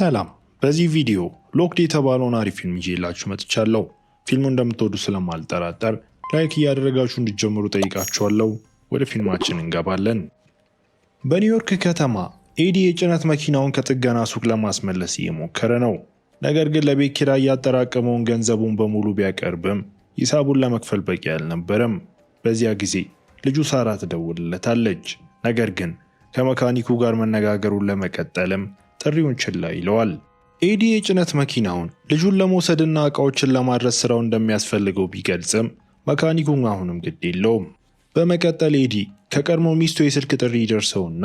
ሰላም በዚህ ቪዲዮ ሎክድ የተባለውን አሪፍ ፊልም ይዤላችሁ መጥቻለሁ። ፊልሙ እንደምትወዱ ስለማልጠራጠር ላይክ እያደረጋችሁ እንዲጀምሩ ጠይቃችኋለሁ። ወደ ፊልማችን እንገባለን። በኒውዮርክ ከተማ ኤዲ የጭነት መኪናውን ከጥገና ሱቅ ለማስመለስ እየሞከረ ነው። ነገር ግን ለቤት ኪራይ እያጠራቀመውን ገንዘቡን በሙሉ ቢያቀርብም ሂሳቡን ለመክፈል በቂ አልነበረም። በዚያ ጊዜ ልጁ ሳራ ትደውልለታለች። ነገር ግን ከመካኒኩ ጋር መነጋገሩን ለመቀጠልም ጥሪውን ችላ ይለዋል። ኤዲ የጭነት መኪናውን ልጁን ለመውሰድና እቃዎችን ለማድረስ ስራው እንደሚያስፈልገው ቢገልጽም መካኒኩን አሁንም ግድ የለውም። በመቀጠል ኤዲ ከቀድሞ ሚስቱ የስልክ ጥሪ ደርሰውና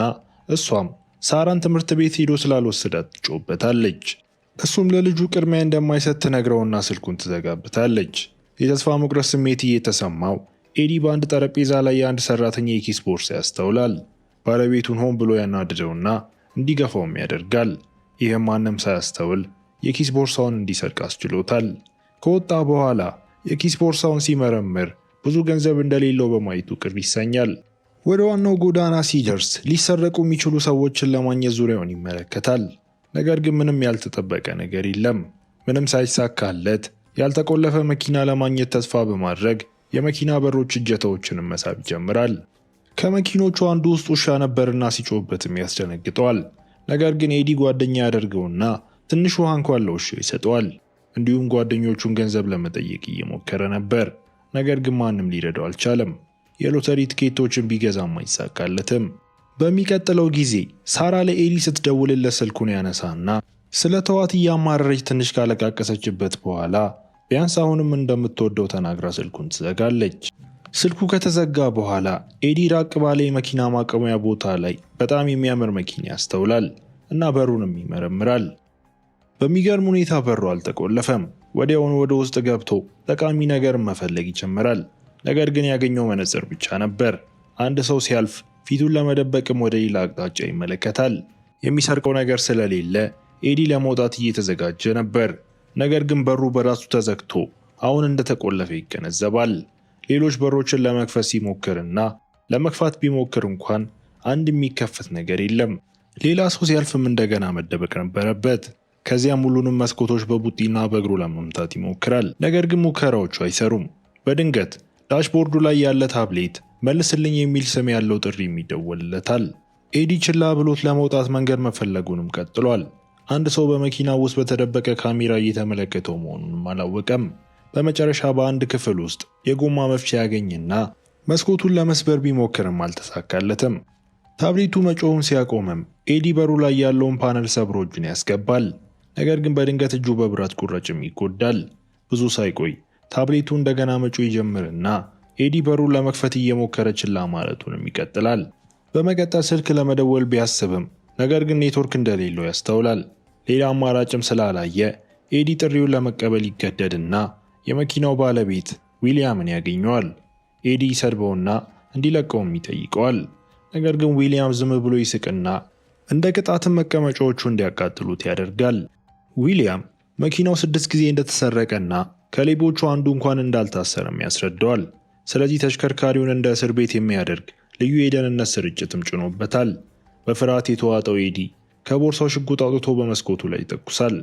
እሷም ሳራን ትምህርት ቤት ሄዶ ስላልወሰዳት ትጮበታለች። እሱም ለልጁ ቅድሚያ እንደማይሰጥ ትነግረውና ስልኩን ትዘጋብታለች። የተስፋ መቁረጥ ስሜት እየተሰማው ኤዲ በአንድ ጠረጴዛ ላይ የአንድ ሰራተኛ የኪስ ቦርሳ ያስተውላል። ባለቤቱን ሆን ብሎ ያናድደውና እንዲገፋውም ያደርጋል። ይህም ማንም ሳያስተውል የኪስ ቦርሳውን እንዲሰርቅ አስችሎታል። ከወጣ በኋላ የኪስ ቦርሳውን ሲመረምር ብዙ ገንዘብ እንደሌለው በማየቱ ቅር ይሰኛል። ወደ ዋናው ጎዳና ሲደርስ ሊሰረቁ የሚችሉ ሰዎችን ለማግኘት ዙሪያውን ይመለከታል። ነገር ግን ምንም ያልተጠበቀ ነገር የለም። ምንም ሳይሳካለት ያልተቆለፈ መኪና ለማግኘት ተስፋ በማድረግ የመኪና በሮች እጀታዎችንም መሳብ ይጀምራል። ከመኪኖቹ አንዱ ውስጥ ውሻ ነበርና ሲጮህበትም ያስደነግጠዋል። ነገር ግን ኤዲ ጓደኛ ያደርገውና ትንሽ ውሃ እንኳን ለውሻ ይሰጠዋል። እንዲሁም ጓደኞቹን ገንዘብ ለመጠየቅ እየሞከረ ነበር። ነገር ግን ማንም ሊረዳው አልቻለም። የሎተሪ ትኬቶችን ቢገዛም አይሳካለትም። በሚቀጥለው ጊዜ ሳራ ለኤዲ ስትደውልለት ስልኩን ያነሳና ስለ ተዋት እያማረረች ትንሽ ካለቃቀሰችበት በኋላ ቢያንስ አሁንም እንደምትወደው ተናግራ ስልኩን ትዘጋለች። ስልኩ ከተዘጋ በኋላ ኤዲ ራቅ ባለ የመኪና ማቆሚያ ቦታ ላይ በጣም የሚያምር መኪና ያስተውላል እና በሩንም ይመረምራል። በሚገርም ሁኔታ በሩ አልተቆለፈም። ወዲያውኑ ወደ ውስጥ ገብቶ ጠቃሚ ነገር መፈለግ ይጀምራል። ነገር ግን ያገኘው መነጽር ብቻ ነበር። አንድ ሰው ሲያልፍ ፊቱን ለመደበቅም ወደ ሌላ አቅጣጫ ይመለከታል። የሚሰርቀው ነገር ስለሌለ ኤዲ ለመውጣት እየተዘጋጀ ነበር። ነገር ግን በሩ በራሱ ተዘግቶ አሁን እንደተቆለፈ ይገነዘባል። ሌሎች በሮችን ለመክፈት ሲሞክርና ለመክፋት ቢሞክር እንኳን አንድ የሚከፈት ነገር የለም። ሌላ ሰው ሲያልፍም እንደገና መደበቅ ነበረበት። ከዚያም ሁሉንም መስኮቶች በቡጢና በእግሩ ለመምታት ይሞክራል። ነገር ግን ሙከራዎቹ አይሰሩም። በድንገት ዳሽቦርዱ ላይ ያለ ታብሌት መልስልኝ የሚል ስም ያለው ጥሪ የሚደወልለታል። ኤዲ ችላ ብሎት ለመውጣት መንገድ መፈለጉንም ቀጥሏል። አንድ ሰው በመኪና ውስጥ በተደበቀ ካሜራ እየተመለከተው መሆኑንም አላወቀም። በመጨረሻ በአንድ ክፍል ውስጥ የጎማ መፍቻ ያገኝና መስኮቱን ለመስበር ቢሞክርም አልተሳካለትም። ታብሌቱ መጮውን ሲያቆምም ኤዲ በሩ ላይ ያለውን ፓነል ሰብሮ እጁን ያስገባል። ነገር ግን በድንገት እጁ በብረት ቁረጭም ይጎዳል። ብዙ ሳይቆይ ታብሌቱ እንደገና መጮ ይጀምርና ኤዲ በሩን ለመክፈት እየሞከረ ችላ ማለቱንም ይቀጥላል። በመቀጠል ስልክ ለመደወል ቢያስብም ነገር ግን ኔትወርክ እንደሌለው ያስተውላል። ሌላ አማራጭም ስላላየ ኤዲ ጥሪውን ለመቀበል ይገደድና የመኪናው ባለቤት ዊሊያምን ያገኘዋል። ኤዲ ይሰድበውና እንዲለቀውም ይጠይቀዋል። ነገር ግን ዊሊያም ዝም ብሎ ይስቅና እንደ ቅጣትም መቀመጫዎቹ እንዲያቃጥሉት ያደርጋል። ዊሊያም መኪናው ስድስት ጊዜ እንደተሰረቀና ከሌቦቹ አንዱ እንኳን እንዳልታሰረም ያስረደዋል። ስለዚህ ተሽከርካሪውን እንደ እስር ቤት የሚያደርግ ልዩ የደህንነት ስርጭትም ጭኖበታል። በፍርሃት የተዋጠው ኤዲ ከቦርሳው ሽጉጥ አውጥቶ በመስኮቱ ላይ ይተኩሳል።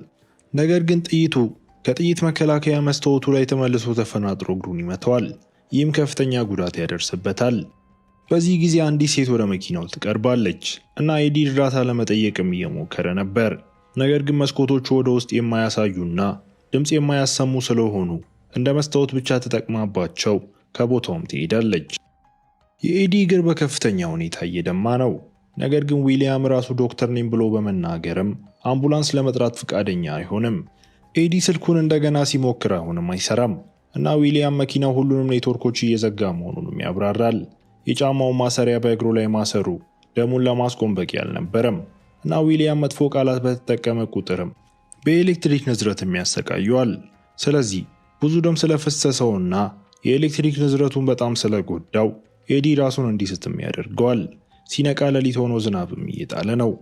ነገር ግን ጥይቱ ከጥይት መከላከያ መስታወቱ ላይ ተመልሶ ተፈናጥሮ እግሩን ይመተዋል። ይህም ከፍተኛ ጉዳት ያደርስበታል። በዚህ ጊዜ አንዲት ሴት ወደ መኪናው ትቀርባለች እና ኤዲ እርዳታ ለመጠየቅም እየሞከረ ነበር። ነገር ግን መስኮቶቹ ወደ ውስጥ የማያሳዩና ድምፅ የማያሰሙ ስለሆኑ እንደ መስታወት ብቻ ተጠቅማባቸው ከቦታውም ትሄዳለች። የኤዲ እግር በከፍተኛ ሁኔታ እየደማ ነው። ነገር ግን ዊሊያም ራሱ ዶክተር ነኝ ብሎ በመናገርም አምቡላንስ ለመጥራት ፈቃደኛ አይሆንም። ኤዲ ስልኩን እንደገና ሲሞክር አሁንም አይሰራም እና ዊሊያም መኪናው ሁሉንም ኔትወርኮች እየዘጋ መሆኑንም ያብራራል። የጫማውን ማሰሪያ በእግሩ ላይ ማሰሩ ደሙን ለማስቆም በቂ አልነበረም እና ዊሊያም መጥፎ ቃላት በተጠቀመ ቁጥርም በኤሌክትሪክ ንዝረትም ያሰቃየዋል። ስለዚህ ብዙ ደም ስለፈሰሰውና የኤሌክትሪክ ንዝረቱን በጣም ስለጎዳው ኤዲ ራሱን እንዲስትም ያደርገዋል። ሲነቃ ለሊት ሆኖ ዝናብም እየጣለ ነው።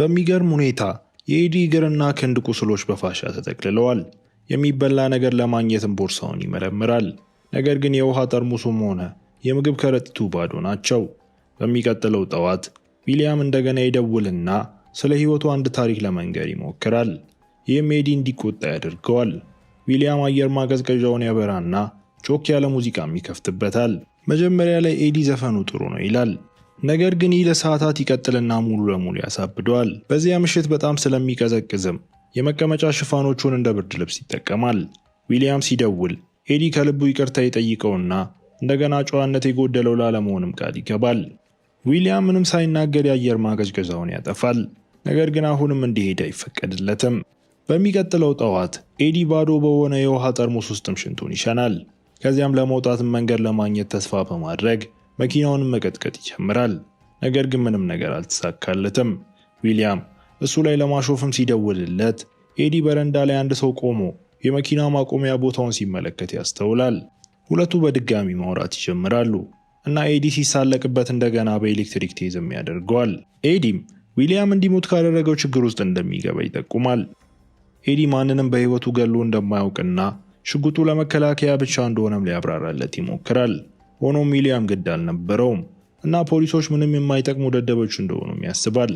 በሚገርም ሁኔታ የኢዲ እግርና ክንድ ቁስሎች በፋሻ ተጠቅልለዋል። የሚበላ ነገር ለማግኘትም ቦርሳውን ይመረምራል። ነገር ግን የውሃ ጠርሙሱም ሆነ የምግብ ከረጢቱ ባዶ ናቸው። በሚቀጥለው ጠዋት ዊሊያም እንደገና ይደውልና ስለ ሕይወቱ አንድ ታሪክ ለመንገር ይሞክራል። ይህም ኤዲ እንዲቆጣ ያደርገዋል። ዊሊያም አየር ማቀዝቀዣውን ያበራና ጮክ ያለ ሙዚቃም ይከፍትበታል። መጀመሪያ ላይ ኤዲ ዘፈኑ ጥሩ ነው ይላል። ነገር ግን ይህ ለሰዓታት ይቀጥልና ሙሉ ለሙሉ ያሳብደዋል። በዚያ ምሽት በጣም ስለሚቀዘቅዝም የመቀመጫ ሽፋኖቹን እንደ ብርድ ልብስ ይጠቀማል። ዊሊያም ሲደውል ኤዲ ከልቡ ይቅርታ ይጠይቀውና እንደገና ጨዋነት የጎደለው ላለመሆንም ቃል ይገባል። ዊሊያም ምንም ሳይናገር የአየር ማቀዝቀዣውን ያጠፋል። ነገር ግን አሁንም እንዲሄድ አይፈቀድለትም። በሚቀጥለው ጠዋት ኤዲ ባዶ በሆነ የውሃ ጠርሙስ ውስጥም ሽንቱን ይሸናል። ከዚያም ለመውጣት መንገድ ለማግኘት ተስፋ በማድረግ መኪናውንም መቀጥቀጥ ይጀምራል። ነገር ግን ምንም ነገር አልተሳካለትም። ዊሊያም እሱ ላይ ለማሾፍም ሲደውልለት ኤዲ በረንዳ ላይ አንድ ሰው ቆሞ የመኪና ማቆሚያ ቦታውን ሲመለከት ያስተውላል። ሁለቱ በድጋሚ ማውራት ይጀምራሉ እና ኤዲ ሲሳለቅበት እንደገና በኤሌክትሪክ ቴዝም ያደርገዋል። ኤዲም ዊሊያም እንዲሞት ካደረገው ችግር ውስጥ እንደሚገባ ይጠቁማል። ኤዲ ማንንም በሕይወቱ ገሎ እንደማያውቅና ሽጉጡ ለመከላከያ ብቻ እንደሆነም ሊያብራራለት ይሞክራል። ሆኖም ዊሊያም ግድ አልነበረውም እና ፖሊሶች ምንም የማይጠቅሙ ደደቦች እንደሆኑም ያስባል።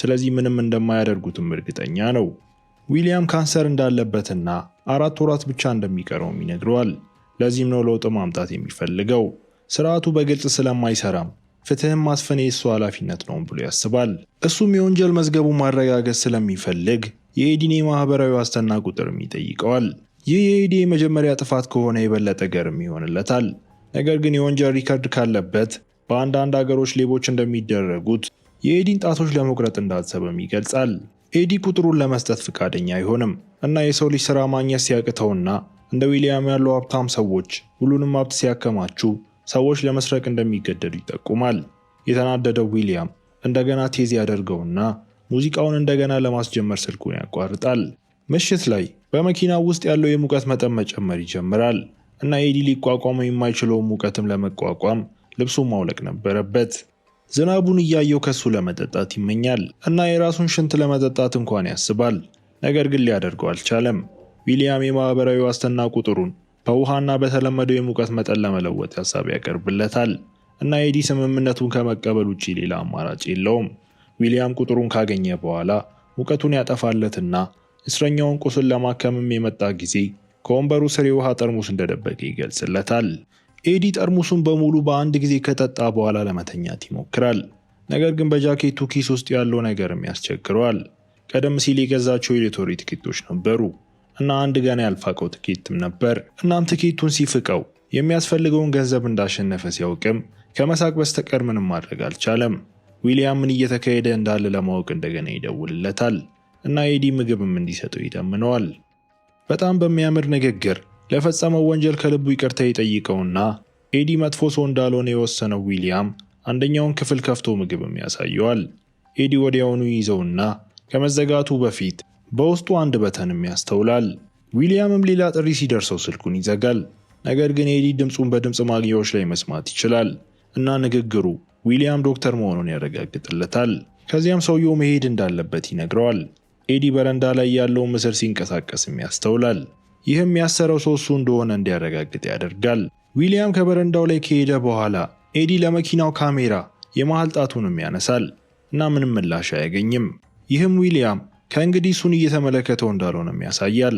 ስለዚህ ምንም እንደማያደርጉትም እርግጠኛ ነው። ዊሊያም ካንሰር እንዳለበትና አራት ወራት ብቻ እንደሚቀረውም ይነግረዋል። ለዚህም ነው ለውጥ ማምጣት የሚፈልገው። ስርዓቱ በግልጽ ስለማይሰራም ፍትህም ማስፈን የእሱ ኃላፊነት ነው ብሎ ያስባል። እሱም የወንጀል መዝገቡን ማረጋገጥ ስለሚፈልግ የኤዲን ማህበራዊ ዋስትና ቁጥርም ይጠይቀዋል። ይህ የኤዲ የመጀመሪያ ጥፋት ከሆነ የበለጠ ገርም ይሆንለታል። ነገር ግን የወንጀል ሪከርድ ካለበት በአንዳንድ አገሮች ሌቦች እንደሚደረጉት የኤዲን ጣቶች ለመቁረጥ እንዳሰበም ይገልጻል። ኤዲ ቁጥሩን ለመስጠት ፍቃደኛ አይሆንም እና የሰው ልጅ ስራ ማግኘት ሲያቅተውና እንደ ዊሊያም ያሉ ሀብታም ሰዎች ሁሉንም ሀብት ሲያከማቹ ሰዎች ለመስረቅ እንደሚገደዱ ይጠቁማል። የተናደደው ዊሊያም እንደገና ቴዝ ያደርገውና ሙዚቃውን እንደገና ለማስጀመር ስልኩን ያቋርጣል። ምሽት ላይ በመኪናው ውስጥ ያለው የሙቀት መጠን መጨመር ይጀምራል። እና ኤዲ ሊቋቋመው የማይችለውን ሙቀትም ለመቋቋም ልብሱ ማውለቅ ነበረበት። ዝናቡን እያየው ከሱ ለመጠጣት ይመኛል እና የራሱን ሽንት ለመጠጣት እንኳን ያስባል። ነገር ግን ሊያደርገው አልቻለም። ዊሊያም የማህበራዊ ዋስትና ቁጥሩን በውሃና በተለመደው የሙቀት መጠን ለመለወጥ ሀሳብ ያቀርብለታል እና ኤዲ ስምምነቱን ከመቀበል ውጭ ሌላ አማራጭ የለውም። ዊሊያም ቁጥሩን ካገኘ በኋላ ሙቀቱን ያጠፋለትና እስረኛውን ቁስል ለማከምም የመጣ ጊዜ ከወንበሩ ስር የውሃ ጠርሙስ እንደደበቀ ይገልጽለታል። ኤዲ ጠርሙሱን በሙሉ በአንድ ጊዜ ከጠጣ በኋላ ለመተኛት ይሞክራል። ነገር ግን በጃኬቱ ኪስ ውስጥ ያለው ነገርም ያስቸግረዋል። ቀደም ሲል የገዛቸው የሎተሪ ትኬቶች ነበሩ እና አንድ ገና ያልፋቀው ትኬትም ነበር። እናም ትኬቱን ሲፍቀው የሚያስፈልገውን ገንዘብ እንዳሸነፈ ሲያውቅም ከመሳቅ በስተቀር ምንም ማድረግ አልቻለም። ዊሊያም ምን እየተካሄደ እንዳለ ለማወቅ እንደገና ይደውልለታል እና ኤዲ ምግብም እንዲሰጠው ይደምነዋል። በጣም በሚያምር ንግግር ለፈጸመው ወንጀል ከልቡ ይቅርታ ይጠይቀውና ኤዲ መጥፎ ሰው እንዳልሆነ የወሰነው ዊሊያም አንደኛውን ክፍል ከፍቶ ምግብም ያሳየዋል። ኤዲ ወዲያውኑ ይዘውና ከመዘጋቱ በፊት በውስጡ አንድ በተንም ያስተውላል። ዊሊያምም ሌላ ጥሪ ሲደርሰው ስልኩን ይዘጋል። ነገር ግን ኤዲ ድምፁን በድምፅ ማግኛዎች ላይ መስማት ይችላል እና ንግግሩ ዊሊያም ዶክተር መሆኑን ያረጋግጥለታል። ከዚያም ሰውየው መሄድ እንዳለበት ይነግረዋል። ኤዲ በረንዳ ላይ ያለውን ምስል ሲንቀሳቀስም ያስተውላል። ይህም ያሰረው ሰው እሱ እንደሆነ እንዲያረጋግጥ ያደርጋል። ዊሊያም ከበረንዳው ላይ ከሄደ በኋላ ኤዲ ለመኪናው ካሜራ የመሃል ጣቱንም ያነሳል እና ምንም ምላሽ አያገኝም። ይህም ዊሊያም ከእንግዲህ እሱን እየተመለከተው እንዳልሆነም ያሳያል።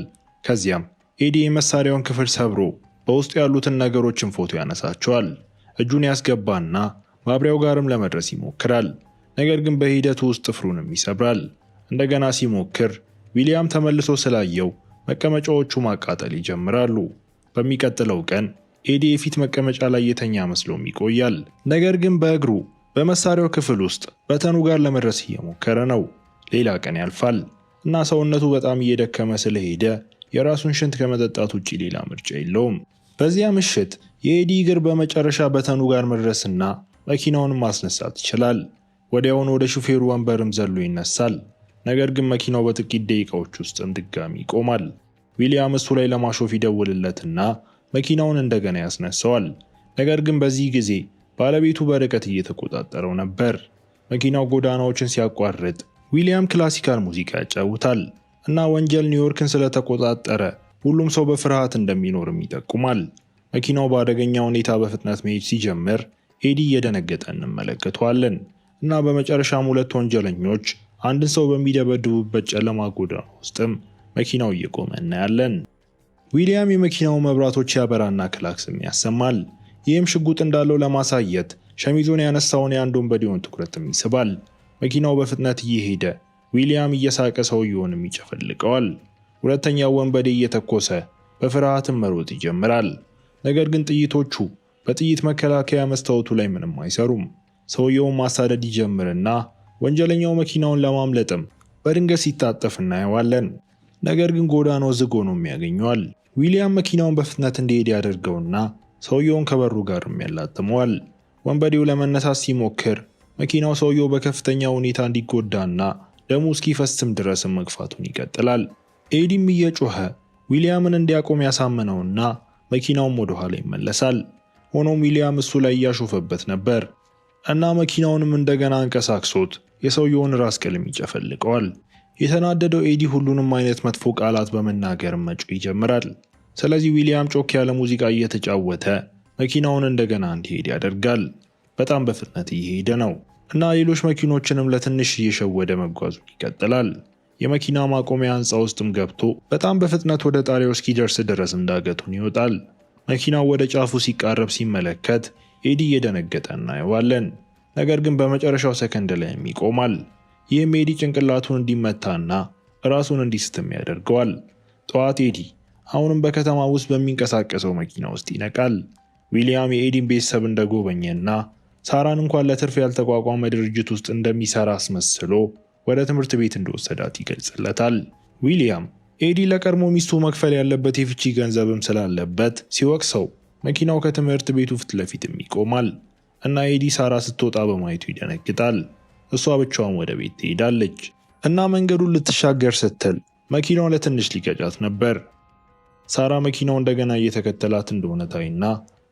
ከዚያም ኤዲ የመሳሪያውን ክፍል ሰብሮ በውስጡ ያሉትን ነገሮችን ፎቶ ያነሳቸዋል። እጁን ያስገባና ማብሪያው ጋርም ለመድረስ ይሞክራል። ነገር ግን በሂደቱ ውስጥ ጥፍሩንም ይሰብራል። እንደገና ሲሞክር ዊሊያም ተመልሶ ስላየው መቀመጫዎቹ ማቃጠል ይጀምራሉ። በሚቀጥለው ቀን ኤዲ የፊት መቀመጫ ላይ የተኛ መስሎም ይቆያል። ነገር ግን በእግሩ በመሳሪያው ክፍል ውስጥ በተኑ ጋር ለመድረስ እየሞከረ ነው። ሌላ ቀን ያልፋል እና ሰውነቱ በጣም እየደከመ ስለሄደ የራሱን ሽንት ከመጠጣት ውጭ ሌላ ምርጫ የለውም። በዚያ ምሽት የኤዲ እግር በመጨረሻ በተኑ ጋር መድረስና መኪናውንም ማስነሳት ይችላል። ወዲያውን ወደ ሹፌሩ ወንበርም ዘሎ ይነሳል። ነገር ግን መኪናው በጥቂት ደቂቃዎች ውስጥም ድጋሚ ይቆማል። ዊሊያም እሱ ላይ ለማሾፍ ይደውልለትና መኪናውን እንደገና ያስነሳዋል። ነገር ግን በዚህ ጊዜ ባለቤቱ በርቀት እየተቆጣጠረው ነበር። መኪናው ጎዳናዎችን ሲያቋርጥ ዊሊያም ክላሲካል ሙዚቃ ያጫውታል እና ወንጀል ኒውዮርክን ስለተቆጣጠረ ሁሉም ሰው በፍርሃት እንደሚኖርም ይጠቁማል። መኪናው በአደገኛ ሁኔታ በፍጥነት መሄድ ሲጀምር ኤዲ እየደነገጠ እንመለከተዋለን እና በመጨረሻም ሁለት ወንጀለኞች አንድን ሰው በሚደበድቡበት ጨለማ ጎዳና ውስጥም መኪናው እየቆመ እናያለን። ዊሊያም የመኪናው መብራቶች ያበራና ክላክስም ያሰማል። ይህም ሽጉጥ እንዳለው ለማሳየት ሸሚዙን ያነሳውን የአንድ ወንበዴውን ትኩረትም ይስባል። መኪናው በፍጥነት እየሄደ ዊሊያም እየሳቀ ሰውየውንም ይጨፈልቀዋል። ሁለተኛው ወንበዴ እየተኮሰ በፍርሃትም መሮጥ ይጀምራል። ነገር ግን ጥይቶቹ በጥይት መከላከያ መስታወቱ ላይ ምንም አይሰሩም። ሰውየውን ማሳደድ ይጀምርና ወንጀለኛው መኪናውን ለማምለጥም በድንገት ሲታጠፍ እናየዋለን። ነገር ግን ጎዳናው ዝግ ሆኖም ያገኘዋል። ዊሊያም መኪናውን በፍጥነት እንዲሄድ ያደርገውና ሰውየውን ከበሩ ጋርም ያላጥመዋል። ወንበዴው ለመነሳት ሲሞክር መኪናው ሰውየው በከፍተኛ ሁኔታ እንዲጎዳና ደሙ እስኪፈስም ድረስም መግፋቱን ይቀጥላል። ኤዲም እየጮኸ ዊሊያምን እንዲያቆም ያሳምነውና መኪናውም ወደኋላ ይመለሳል። ሆኖም ዊሊያም እሱ ላይ እያሾፈበት ነበር። እና መኪናውንም እንደገና አንቀሳቅሶት የሰውየውን ራስ ቀልም ይጨፈልቀዋል። የተናደደው ኤዲ ሁሉንም አይነት መጥፎ ቃላት በመናገር መጮ ይጀምራል። ስለዚህ ዊሊያም ጮክ ያለ ሙዚቃ እየተጫወተ መኪናውን እንደገና እንዲሄድ ያደርጋል። በጣም በፍጥነት እየሄደ ነው እና ሌሎች መኪኖችንም ለትንሽ እየሸወደ መጓዙ ይቀጥላል። የመኪና ማቆሚያ ህንፃ ውስጥም ገብቶ በጣም በፍጥነት ወደ ጣሪያው እስኪደርስ ድረስ እንዳገቱን ይወጣል። መኪናው ወደ ጫፉ ሲቃረብ ሲመለከት ኤዲ እየደነገጠ እናየዋለን። ነገር ግን በመጨረሻው ሰከንድ ላይም ይቆማል። ይህም ኤዲ ጭንቅላቱን እንዲመታና ራሱን እንዲስትም ያደርገዋል። ጠዋት ኤዲ አሁንም በከተማ ውስጥ በሚንቀሳቀሰው መኪና ውስጥ ይነቃል። ዊሊያም የኤዲን ቤተሰብ እንደጎበኘና ሳራን እንኳን ለትርፍ ያልተቋቋመ ድርጅት ውስጥ እንደሚሰራ አስመስሎ ወደ ትምህርት ቤት እንደወሰዳት ይገልጽለታል። ዊሊያም ኤዲ ለቀድሞ ሚስቱ መክፈል ያለበት የፍቺ ገንዘብም ስላለበት ሲወቅሰው መኪናው ከትምህርት ቤቱ ፊት ለፊትም ይቆማል እና ኤዲ ሳራ ስትወጣ በማየቱ ይደነግጣል። እሷ ብቻዋን ወደ ቤት ትሄዳለች እና መንገዱን ልትሻገር ስትል መኪናው ለትንሽ ሊገጫት ነበር። ሳራ መኪናው እንደገና እየተከተላት እንደሆነ ታይና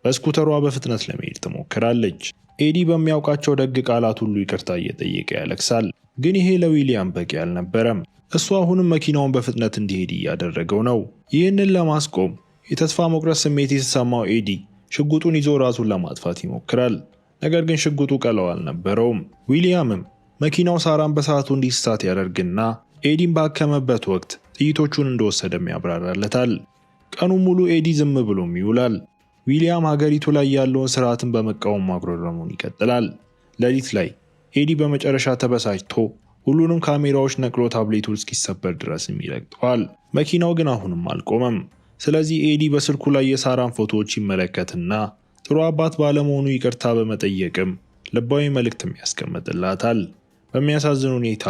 በስኩተሯ በፍጥነት ለመሄድ ትሞክራለች። ኤዲ በሚያውቃቸው ደግ ቃላት ሁሉ ይቅርታ እየጠየቀ ያለቅሳል። ግን ይሄ ለዊሊያም በቂ አልነበረም። እሱ አሁንም መኪናውን በፍጥነት እንዲሄድ እያደረገው ነው። ይህንን ለማስቆም የተስፋ መቁረጥ ስሜት የተሰማው ኤዲ ሽጉጡን ይዞ ራሱን ለማጥፋት ይሞክራል። ነገር ግን ሽጉጡ ቀለው አልነበረውም። ዊሊያምም መኪናው ሳራን በሰዓቱ እንዲስታት ያደርግና ኤዲን ባከመበት ወቅት ጥይቶቹን እንደወሰደም ያብራራለታል። ቀኑ ሙሉ ኤዲ ዝም ብሎም ይውላል። ዊሊያም ሀገሪቱ ላይ ያለውን ስርዓትን በመቃወም ማጉረረሙን ይቀጥላል። ሌሊት ላይ ኤዲ በመጨረሻ ተበሳጭቶ ሁሉንም ካሜራዎች ነቅሎ ታብሌቱ እስኪሰበር ድረስም ይለቅጠዋል። መኪናው ግን አሁንም አልቆመም። ስለዚህ ኤዲ በስልኩ ላይ የሳራን ፎቶዎች ይመለከትና ጥሩ አባት ባለመሆኑ ይቅርታ በመጠየቅም ልባዊ መልእክትም ያስቀምጥላታል። በሚያሳዝን ሁኔታ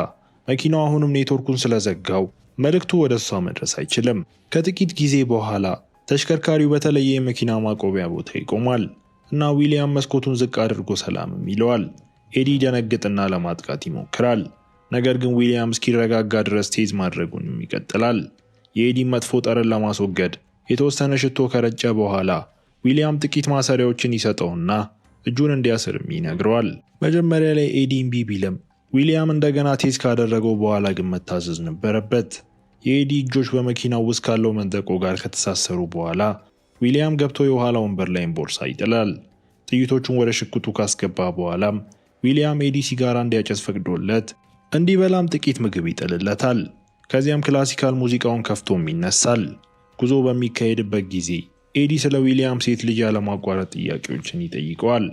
መኪናው አሁንም ኔትወርኩን ስለዘጋው መልእክቱ ወደ እሷ መድረስ አይችልም። ከጥቂት ጊዜ በኋላ ተሽከርካሪው በተለየ የመኪና ማቆቢያ ቦታ ይቆማል እና ዊሊያም መስኮቱን ዝቅ አድርጎ ሰላምም ይለዋል። ኤዲ ደነግጥና ለማጥቃት ይሞክራል። ነገር ግን ዊሊያም እስኪረጋጋ ድረስ ቴዝ ማድረጉንም ይቀጥላል። የኤዲን መጥፎ ጠረን ለማስወገድ የተወሰነ ሽቶ ከረጨ በኋላ ዊሊያም ጥቂት ማሰሪያዎችን ይሰጠውና እጁን እንዲያስርም ይነግረዋል። መጀመሪያ ላይ ኤዲን ቢ ቢልም ዊሊያም እንደገና ቴዝ ካደረገው በኋላ ግን መታዘዝ ነበረበት። የኤዲ እጆች በመኪናው ውስጥ ካለው መንጠቆ ጋር ከተሳሰሩ በኋላ ዊሊያም ገብቶ የኋላ ወንበር ላይም ቦርሳ ይጥላል። ጥይቶቹን ወደ ሽጉጡ ካስገባ በኋላም ዊሊያም ኤዲ ሲጋራ እንዲያጨስ ፈቅዶለት እንዲበላም ጥቂት ምግብ ይጥልለታል። ከዚያም ክላሲካል ሙዚቃውን ከፍቶም ይነሳል። ጉዞ በሚካሄድበት ጊዜ ኤዲ ስለ ዊሊያም ሴት ልጅ ያለማቋረጥ ጥያቄዎችን ይጠይቀዋል።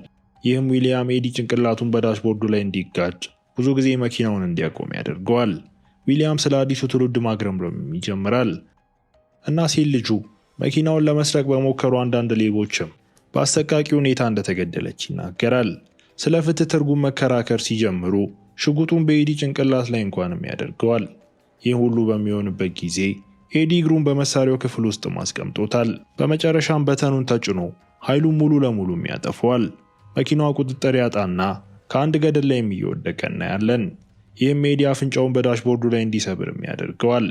ይህም ዊሊያም ኤዲ ጭንቅላቱን በዳሽቦርዱ ላይ እንዲጋጭ፣ ብዙ ጊዜ መኪናውን እንዲያቆም ያደርገዋል። ዊሊያም ስለ አዲሱ ትውልድ ማግረምረም ይጀምራል እና ሴት ልጁ መኪናውን ለመስረቅ በሞከሩ አንዳንድ ሌቦችም በአሰቃቂ ሁኔታ እንደተገደለች ይናገራል። ስለ ፍትህ ትርጉም መከራከር ሲጀምሩ ሽጉጡን በኤዲ ጭንቅላት ላይ እንኳንም ያደርገዋል። ይህ ሁሉ በሚሆንበት ጊዜ ኤዲ እግሩን በመሳሪያው ክፍል ውስጥ አስቀምጦታል። በመጨረሻም በተኑን ተጭኖ ኃይሉን ሙሉ ለሙሉ ያጠፈዋል። መኪናዋ ቁጥጥር ያጣና ከአንድ ገደል ላይ እየወደቀ እናያለን። ይህም ኤዲ አፍንጫውን በዳሽቦርዱ ላይ እንዲሰብርም ያደርገዋል።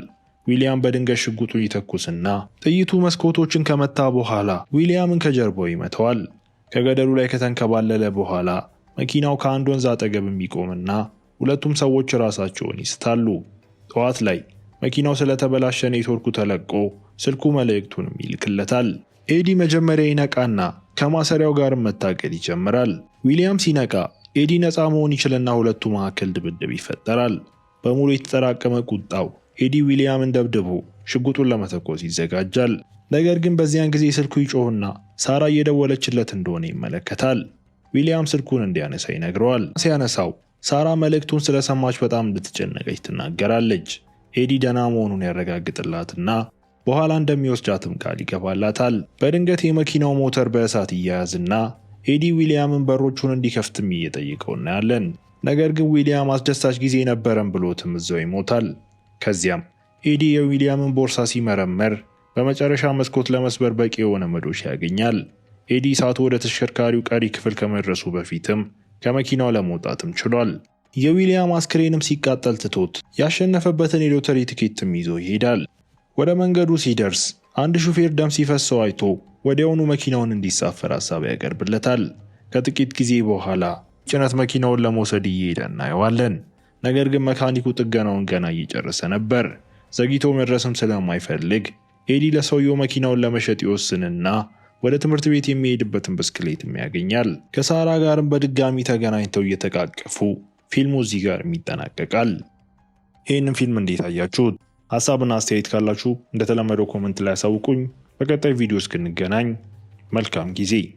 ዊሊያም በድንገት ሽጉጡን ይተኩስና ጥይቱ መስኮቶችን ከመታ በኋላ ዊሊያምን ከጀርባው ይመተዋል። ከገደሉ ላይ ከተንከባለለ በኋላ መኪናው ከአንድ ወንዝ አጠገብ የሚቆምና ሁለቱም ሰዎች ራሳቸውን ይስታሉ። ጠዋት ላይ መኪናው ስለተበላሸ ኔትወርኩ ተለቆ ስልኩ መልእክቱንም ይልክለታል። ኤዲ መጀመሪያ ይነቃና ከማሰሪያው ጋር መታገል ይጀምራል። ዊሊያም ሲነቃ ኤዲ ነፃ መሆን ይችልና ሁለቱ መካከል ድብድብ ይፈጠራል። በሙሉ የተጠራቀመ ቁጣው ኤዲ ዊሊያምን ደብድቦ ሽጉጡን ለመተኮስ ይዘጋጃል። ነገር ግን በዚያን ጊዜ ስልኩ ይጮህና ሳራ እየደወለችለት እንደሆነ ይመለከታል። ዊሊያም ስልኩን እንዲያነሳ ይነግረዋል። ሲያነሳው ሳራ መልእክቱን ስለሰማች በጣም እንድትጨነቀች ትናገራለች። ኤዲ ደና መሆኑን ያረጋግጥላትና በኋላ እንደሚወስዳትም ቃል ይገባላታል። በድንገት የመኪናው ሞተር በእሳት ይያያዝና ኤዲ ዊሊያምን በሮቹን እንዲከፍትም እየጠየቀው እናያለን። ነገር ግን ዊሊያም አስደሳች ጊዜ ነበረን ብሎትም እዛው ይሞታል። ከዚያም ኤዲ የዊሊያምን ቦርሳ ሲመረመር በመጨረሻ መስኮት ለመስበር በቂ የሆነ መዶሻ ያገኛል። ኤዲ እሳቱ ወደ ተሽከርካሪው ቀሪ ክፍል ከመድረሱ በፊትም ከመኪናው ለመውጣትም ችሏል። የዊሊያም አስክሬንም ሲቃጠል ትቶት ያሸነፈበትን የሎተሪ ትኬትም ይዞ ይሄዳል። ወደ መንገዱ ሲደርስ አንድ ሹፌር ደም ሲፈሰው አይቶ ወዲያውኑ መኪናውን እንዲሳፈር ሀሳብ ያቀርብለታል። ከጥቂት ጊዜ በኋላ ጭነት መኪናውን ለመውሰድ እየሄደ እናየዋለን። ነገር ግን መካኒኩ ጥገናውን ገና እየጨረሰ ነበር። ዘግይቶ መድረስም ስለማይፈልግ ኤዲ ለሰውየው መኪናውን ለመሸጥ ይወስንና ወደ ትምህርት ቤት የሚሄድበትን ብስክሌትም ያገኛል። ከሳራ ጋርም በድጋሚ ተገናኝተው እየተቃቀፉ ፊልሙ እዚህ ጋር ይጠናቀቃል። ይህንን ፊልም እንዴት አያችሁት? ሀሳብና አስተያየት ካላችሁ እንደተለመደው ኮመንት ላይ ያሳውቁኝ። በቀጣይ ቪዲዮ እስክንገናኝ መልካም ጊዜ